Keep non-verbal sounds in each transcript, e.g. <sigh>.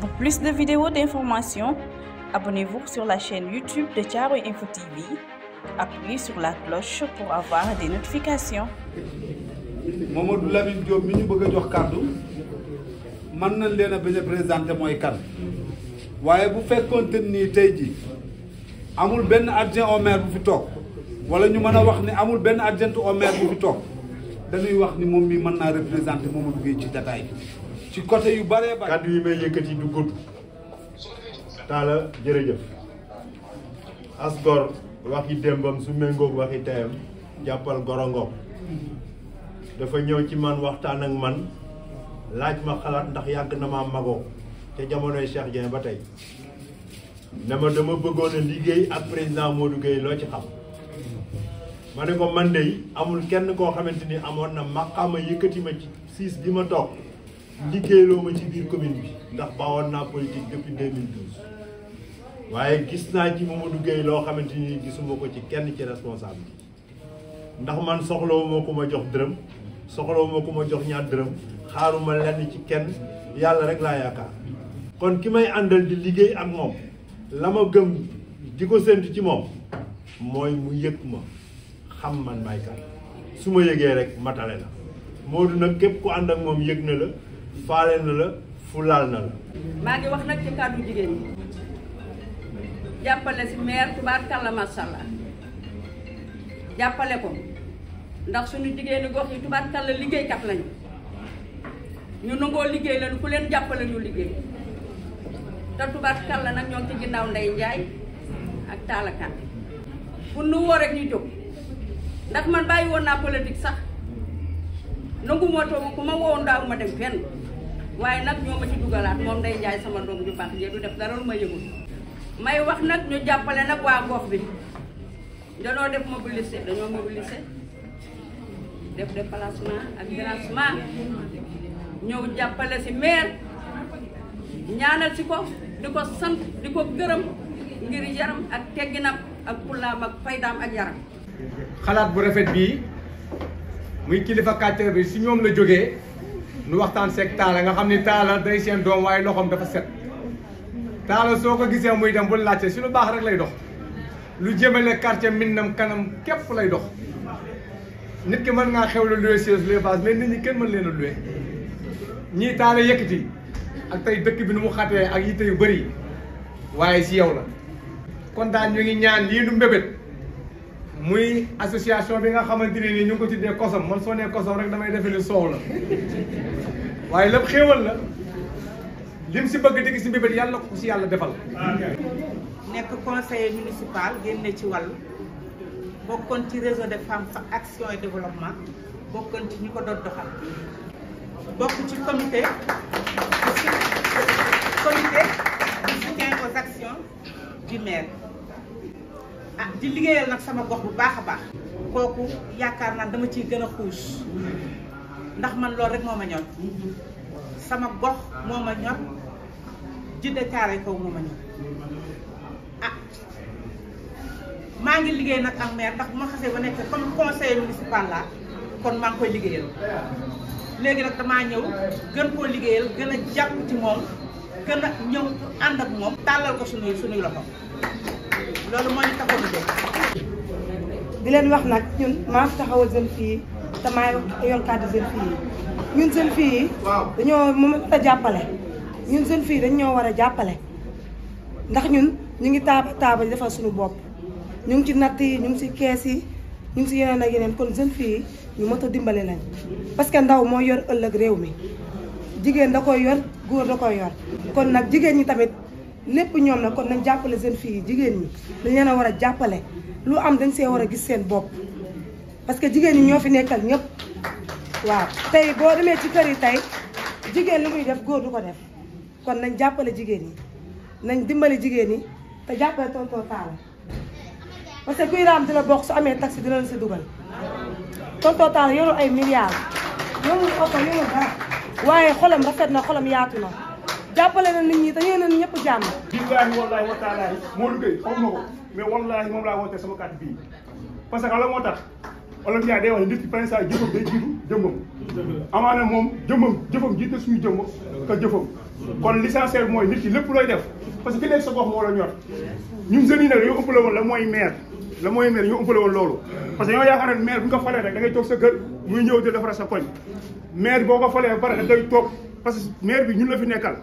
Pour plus de vidéos d'informations, abonnez-vous sur la chaîne YouTube de Tiaroy Info TV. Appuyez sur la cloche pour avoir des notifications. Mamadou Lamine Diop mi ñu bëgg a jox kàddu mën nañ leen a bañ a présenté mooy kan waaye bu fekkoonte nii tey amul ben adjoint au maire bu fi toog wala ñu mën a wax ne amul ben adjoint au maire bu fi toog. dañuy wax ni moom mi mën naa représenté Mamadou Gueye ci détail ci côté yu bëree bëri. kàddu yi may yëkkati du gudd. Talla jërëjëf. Asgor waxi démbam su méngoog waxi teyam jàppal gorongoom dafa ñëw ci man waxtaan ak man laaj ma xalaat ndax yàgg na maa magoo ca jamonoy Cheikh Dieng ba tey ne ma dama bëggoon a liggéey ak président Modou Gueye loo ci xam. ma ne ko man de amul kenn koo xamante ni amoon na maqaama yëkkati ma ci siis bi ma toog liggéeyloo ma ci biir commune bi ndax bawoon naa politique depuis 2012 waaye gis naa ci Mamadou Gueye loo xamante ni gisuma ko ci kenn ci responsable bi ndax man soxlawu moo ma jox dërëm soxlawuma moo ko ma jox ñaar dërëm xaaruma lenn ci kenn yàlla rek laa yaakaar kon ki may àndal di liggéey ak moom la ma gëm di ko séntu ci moom mooy mu yëg ma xam man may kan suma yegge rek matale na Modou nak kep ku and ak mom yegna la faale na la fulal na la. maa ngi wax nak ci kaddu jigen ñi jàppale si maire tubaarkàlla macha allah jàppale ko ndax suñu jigéeni gox yi liggey kat lañ ñu nango liggey lañ ku len jappale ñu liggéey te kala nak ñoo ci ginaaw Ndey Njaay ak Talla bu nu wo rek ñu ndax man bayyi won na politique sax nangu moo toog ku ma woowoon daaw ma dem fenn waye nak ñoma ci dugalat mom day jaay sama doom ju baax du def dara ma yëgul may wax nak ñu jàppale nak wa gox bi danoo def mobilisé dañu mobilisé def déplacement ak déplacement ñëw jàppale si maire ñaanal ci ko diko sant diko ko ngir yaram ak tegginam ak pullaam ak faydam ak yaram xalaat bu rafet bii muy kilifa kàcceer bi si ñoom la jógee nu waxtaan seeg taala nga xam ni taala day seen doom waaye loxoom dafa set taala soo ko gisee muy dem bu laajte si lu baax rek lay dox lu jëmale quartier Minam kanam képp lay dox nit ki mën ngaa xew la loué siège loué base mais nit ñi kenn mën leen a loué ñii taala yëkkati ak tey dëkk bi nu mu xatee ak yitte yu bëri waaye si yow la kon daal ñu ngi ñaan lii nu mbébét muy association bi nga xamante ne ni ñu ngi ko tuddee kosom man soo nee kosom rek damay defe ni soow la waaye lépp xéewal la lim si bëgg dëgg si mbibét yàlla ko si yàlla defal nekk conseiller municipal génne ci wàll bokkoon ci réseau de femmes fa action et développement bokkoon ci ñu ko doon doxal bokk ci comité comité de soutien aux actions du maire ah di liggéeyal nak sama gox bu baax baax koku yaakaar na dama ci gëna xouss ndax man lool rek moma ñor sama gox moma ñor jidde caare ko moma ñor ah maa ngi liggéey nak ak maire ndax bu ma xasse ba nek comme conseil municipal la kon ma ngi koy liggéeyal légui nak dama ñëw gën ko liggéeyal gëna japp ci mom gëna a ñëw ànd ak mom talal ko suñu suñu loxo loolu moo di leen wax nag ñun maa fi taxawal jeunes te maa yor kàddu jeunes filles yi ñun jeunes filles yi. waaw dañoo mënut jàppale. ñun jeunes fii dañ ñoo war a jàppale ndax ñun ñu ngi taaba taaba di defal suñu bopp ñu ngi ci natt yi ñu ngi ci kees yi ñu ngi ci yeneen a yeneen kon jeunes filles ñu mot a dimbale lañ parce que ndaw moo yor ëllëg réew mi jigéen da koy yor góor da koy yor kon nag jigéen ñi tamit. lépp ñoom na kon nañ jàppale seen fii jigéen ñi dañ leen a war a jàppale lu am dañ see war a gis seen bopp parce que jigéen ñi ñoo fi nekkal ñëpp waaw tey boo demee ci kër yi tey jigéen lu muy def góor du ko def kon nañ jàppale jigéen ñi nañ dimbali jigéen ñi te jàppale tonton Talla parce que kuy raam di la bokk su amee taxi dina la si dugal tonton Talla yoru ay milliards yoru oto yoru dara waaye xolam rafet na xolam yaatu na jappale na nit ñi te yéen ñepp jamm billahi wallahi wa ta'ala mo lu gey xom nako mais wallahi mom la woote sama carte bi parce que la moo tax olof day wax ne nit ki prinsa jëfam day jiitu jëmum amana mom jëmum jëfam jiite suñu jëm ka jëfam. kon l'essentiel moy nit ci lepp loy def parce que nek sa gox mo la ñor ñun jëni na nag dañoo ëppale woon la moy maire la moy maire ñoo ëppale won lolu parce que ñoo yaakaar ne maire bu nga falé rek da ngay tok sa kër muy ñëw di defaral sa koñ maire boko falé falee ba pare day tok parce que maire bi ñun la fi nekkal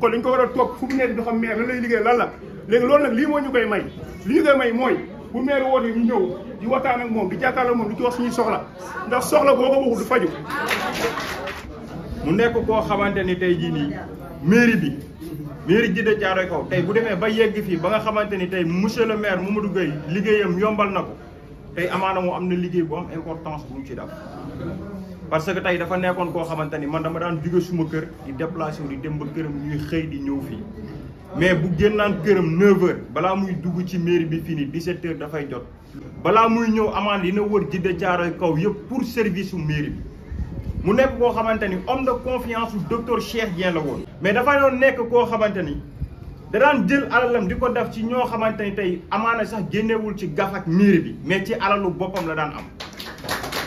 kon lañ ko war a toog fu mu nekk di maire la lay liggéey lan la léegi loolu nag lii moo ñu koy may li ñu koy may mooy bu maire woote ñu ñëw di waxtaan ak moom di jàkkaarloo moom di ci wax suñuy soxla ndax soxla boo ko waxul du faju mu nekk koo xamante ni tey jii nii maire bi mairie Djiddah Thiaroye Kaw tey bu demee ba yegg fii ba nga xamante ni tey monsieur le maire Mamadou Gueye liggéeyam yombal na ko tey amaana moo am na liggéey bu am importance bu mu ci def parce que tay dafa nekkone ko xamanteni man dama daan jugge suma keur di déplacer wu di dem ba keuram ñuy xey di ñew fi mais bu gennan keuram 9h bala muy dugg ci mairie bi fini 17h da fay jot. bala muy ñew amane dina wër de jaar ay kaw yépp pour service su mairie bi mu nekk ko xamanteni homme de confiance du docteur Cheikh dien la woon. mais dafa doon nekk ko xamanteni da daan jël alalam diko def ci ñoo xamanteni tay amana sax gennewul ci gaf ak mairie bi mais ci alalu bopam la daan am.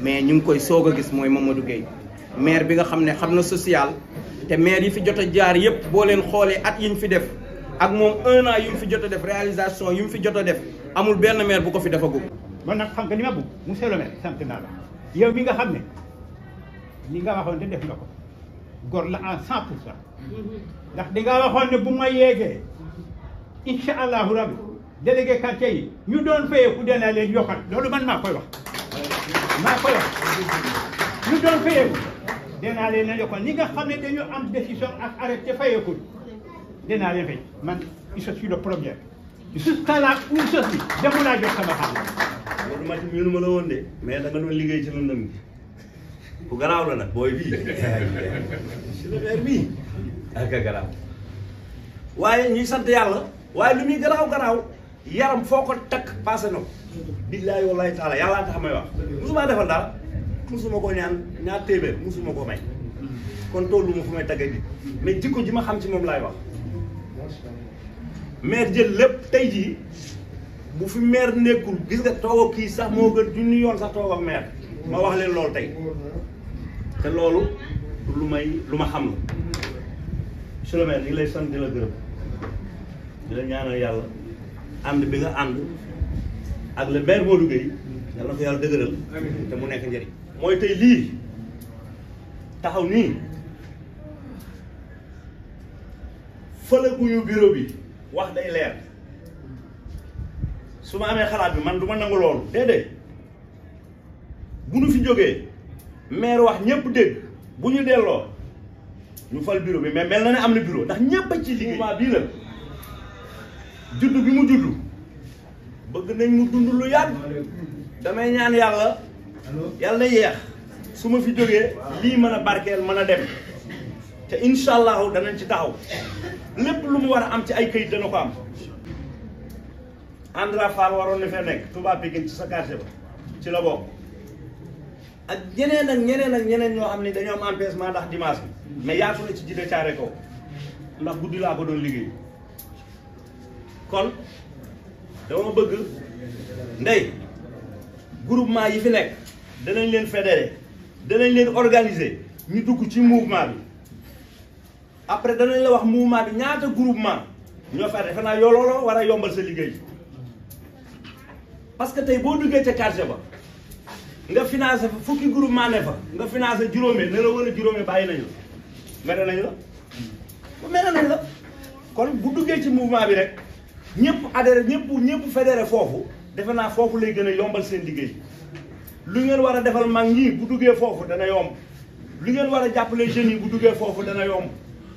mais ñu ngi koy soog a gis mooy Mamadou Gueye maire bi nga xam ne xam na social te maire yi fi jot a jaar yëpp boo leen xoolee at yi ñu fi def ak moom un an yu mu fi jot a def réalisation yu fi jot a def amul benn maire bu ko fi dafa gub man nag xam nga li ma bëgg monsieur le maire sant naa la yow mi nga xam ne li nga waxoon te def na ko gor la en cent pour cent ndax di nga waxoon ne bu ma yeegee incha allahu rabi délégué quartier yi ñu doon fayeeku danaa leen yokkal loolu man maa koy maa ko yor ñu doon fayeeku dinaa leen a yokkal ñi nga xam ne dañu am décision ak arrêté fayeekul dinaa leen fay man je suis le premier jusqu'à la où je suis demu laa jox sama xam loolu ma ci miinu ma la woon de mais da nga doon liggéey ci lëndëm gi bu garaaw la nag booy bii <laughs> si le maire bii ak garaaw waaye ñuy sant yàlla waaye lu muy garaaw garaaw yaram foo ko takk passé na billaay wallaay taala yàlla tax may wax musuma defal dara musuma ko ñaan ñaar téeméer musuma ko may kon tollu ma fu may tagga ji mais jikko ji ma xam ci moom laay wax maire jël lépp tey jii bu fi maire nekkul gis nga toog kii sax moo gën junni yoon sax toog ak maire ma wax leen loolu tey te loolu lu may lu ma xam la monsieur le maire ñu lay sant di la gërëm di la ñaanal yàlla ànd bi nga ànd ak le maire Modou gay yalla na ko yàlla dëgëral te mu nek njëriñ moy tay li taxaw ni fele ku ñu bureau bi wax day leer suma amé xalaat bi man duma ma lool loolu déedéet bu nu fi joggé maire wax ñepp dégg bu ñu delloo ñu fal bureau bi mais mel na ne am bureau ndax ñepp a ci liggéey bi la judd bi mu judd bëgg nañ mu dund lu yàgg damay ñaan yàlla yàlla na yéex su ma fi jógee lii mën a barkeel mën a dem te incha allahu ci taxaw lu mu war am ci ay këyit dana ko am Andra Fall waroon na fee nekk Touba Pikine ci sa quartier ba ci la bokk ak ñeneen ak ñeneen ak ñeneen ñoo xam ne am empêchement ndax dimanche mais yaatu ci ndax ko doon liggéey kon dama bëgg ndey groupement yi fi nekk danañ leen fédéré danañ leen organiser ñu dugg ci mouvement bi après danañ la wax mouvement bi ñaata groupement ñoo fi defe naa yoo looloo war a yombal sa liggéey parce que tey boo duggee ca quartier ba nga financé fa fukki groupement ne fa nga financé juróomi ne la a juróomi bàyyi nañu la mere nañu la bu mere nañ la kon bu duggee ci mouvement bi rek ñëpp adhéré ñëpp ñëpp fédéré foofu defe naa foofu lay gën a yombal seen liggéey lu ngeen war a defal mag ñi bu duggee foofu dana yomb lu ngeen war a jàppale jeunes yi bu duggee foofu dana yomb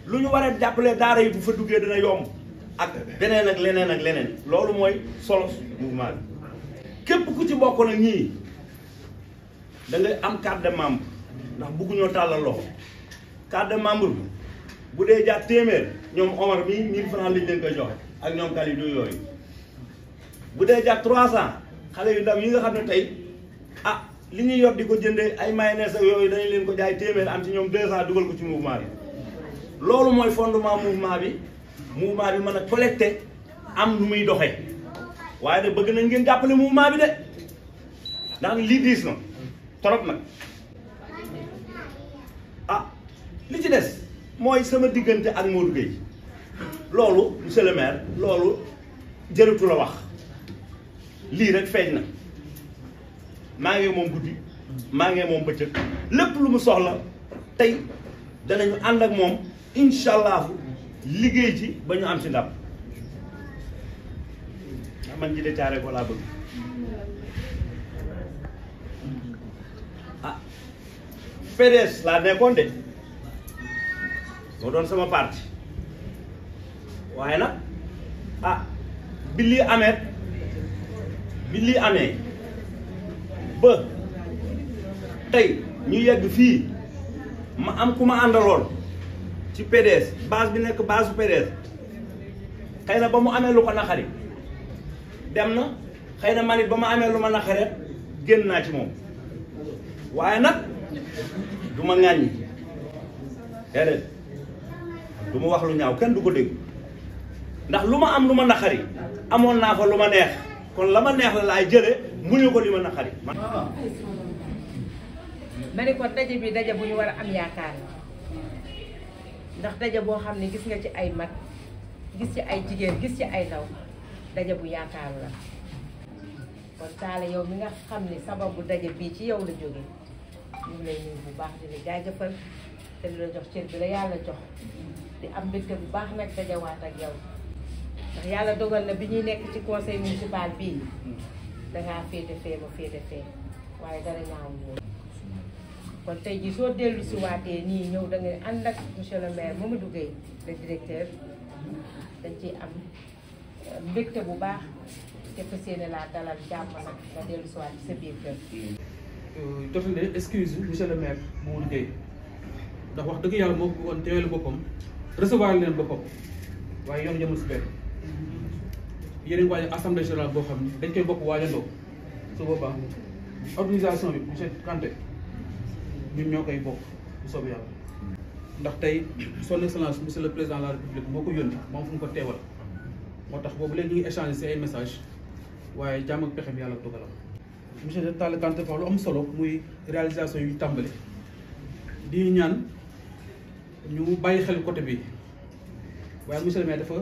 lu ñu war a jàppale daara yi bu fa duggee dana yomb ak beneen ak leneen ak leneen loolu mooy solo mouvement bi képp ku ci bokk nag ñii da am carte de membre ndax bëgguñoo tàllal loxo carte de membre bi bu dee jaar téeméer ñoom Omar mii 1000 francs lañ leen koy joxe. ak ñoom Kalidou yooyu bu dee jàpp 300 xale yu ndaw yi nga xam ne tey ah li ñuy yor di ko jënde ay mayonnaise ak yooyu dañuy leen ko jaay téeméer am ci ñoom 200 dugal ko ci mouvement bi. loolu mooy fondement mouvement bi mouvement bi mën a collecté am lu muy doxe waaye nag bëgg nañ ngeen jàppale mouvement bi de ndax lii diis na trop nag ah li ci des mooy sama diggante ak Modou Gueye. lolu monsieur le maire lolu jërutu la wax li rek feeñ na maa ngi moom guddi maa ngi moom bëccëg lu mu soxla tey danañu and ak mom inshallah liggey ci bañu am ci ndam man di Thiaré ko la bëgg ah la laa nekkoon de sama parti waaye nag a ah, bi lii amee bi lii amee ba tey ñu yegg fii ma am ku ma àndaloon ci PDS base bi nekk base bu PDS xëy na ba mu amee lu ko naxari dem na xëy na man ba ma amee lu ma naxare génn naa ci moom waaye nag du ma ŋàññi déedéet du ma wax lu ñaaw kenn du ko dégg ndax luma am luma nakari amon na fa luma neex kon lama neex la lay jele muñu ko lima nakari mari ko dajje bi dajje buñu wara am yaakar ndax dajje bo xamni gis nga ci ay mat gis ci ay jigeen gis ci ay ndaw dajje bu yaakar la kon taale yow mi nga xamni sababu dajje bi ci yow la joge ñu lay ñu bu baax di la jaajëfal te di la jox ci bi la yalla jox di am mbégte bu baax dajje waat ak yow yàlla dogal na bi ñuy nekk ci conseil municipal bii dangaa féete fee ba féete fee waaye dara ñaaw woon kon tey jii soo dellu si waatee nii ñëw da ngay ànd ak monsieur le maire dañ ciy am euh, mbégte bu baax te fas yéene laa dalal jàmm nag nga dellu si waat ci sa biir kër. Euh, jotale le maire Mamadou Gueye ndax wax dëgg yàlla moo ko woon teewal boppam recevoir leen boppam waaye yoon jëmul si benn. yéen a ngi waajal assemblée générale boo xam ne dañ koy bokk waajandoo su boobaa organisation bi monsieur Kanté ñun ñoo koy bokk bu soobee yàlla. ndax tey son excellence monsieur le président la république moo ko yónni moom fu mu ko teewal moo tax boobu leen ñu ngi échanger ci ay message waaye jàmm ak pexem yàlla dogalam. monsieur Talla Kanté wax lu am solo muy réalisation yu tàmbali di ñaan ñu bàyyi xel côté bi waaye monsieur le maire dafa.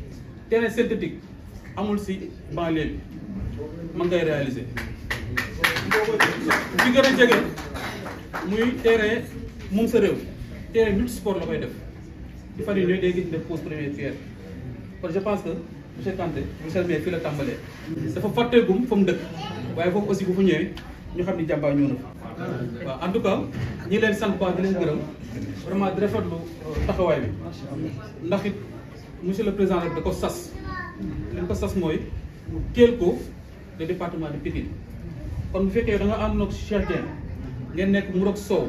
terrain synthétique amul si banlieue bi ma ngay réaliser bi gën a jege muy terrain moom sa réew terrain multisport la koy def di fan yi ñooy day gis def pose première je pense que monsieur Kanté monsieur le maire fii la tàmbalee dafa fàtteegum fa mu dëkk waaye foofu aussi bu fa ñëwee ñu xam ni jàmbaa ñëw na fa en tout cas ñi leen sant baax di leen gërëm vraiment di rafetlu euh, taxawaay bi ndax monsieur le président rek da ko sas leen ko sas mooy mu teel ko le département de Pikine kon bu fekkee da nga àndoon ak Cheikh Dieng ngeen nekk mu rog soow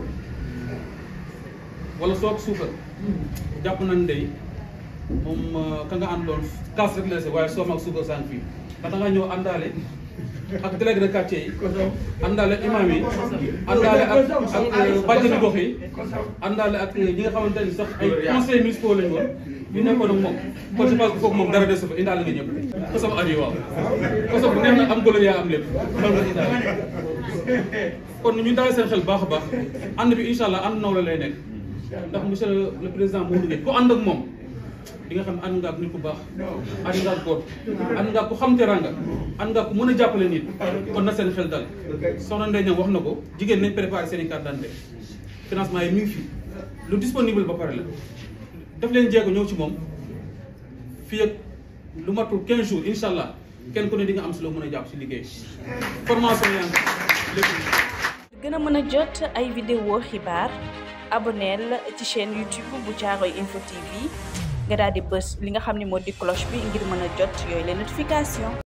wala soog suukar jàpp nañ ndey moom euh, ka nga àndoon kaas rek la waaye soo mag suukar saan fii ba ñëw àndaale ak délégué de quartier yi àndaale imam yi àndaale ak ak euh, bàjjenu gox yi àndaale ak euh, ñi nga xamante ni sax ay conseil municipal lañu woon ñu nekkoon ak moom kon je pense foofu moom dara des fa indaale nga ñëpp kosam aju waaw kosam bu neex na am golo yaa am lépp loolu la indaale kon ñu daal seen xel baax a baax ànd bi incha am ànd naw lay nekk ndax monsieur le président Modou Gueye ku ànd ak moom di nga xam ànd nga ak nit ku baax ànd nga ak góor ànd ku xam teranga ànd nga ak ku mën a jàppale nit kon na seen xel dal soxna Ndeye Niang wax na ko jigéen nañ préparé seen i carte d'identité financement yi mi ngi fi lu disponible ba pare la daf leen jéego ñëw ci moom fii ak lu matul 15 jour incha allah kenn ku ne di nga am si loo mën a jàpp si liggéey formation yaa ngi lépp gën a mën a jot ay vidéo xibaar abonneel ci chaîne YouTube bu Caaroy info TV nga daal di bës li nga xam ne moo di cloche bi ngir mën a jot yooyu les notification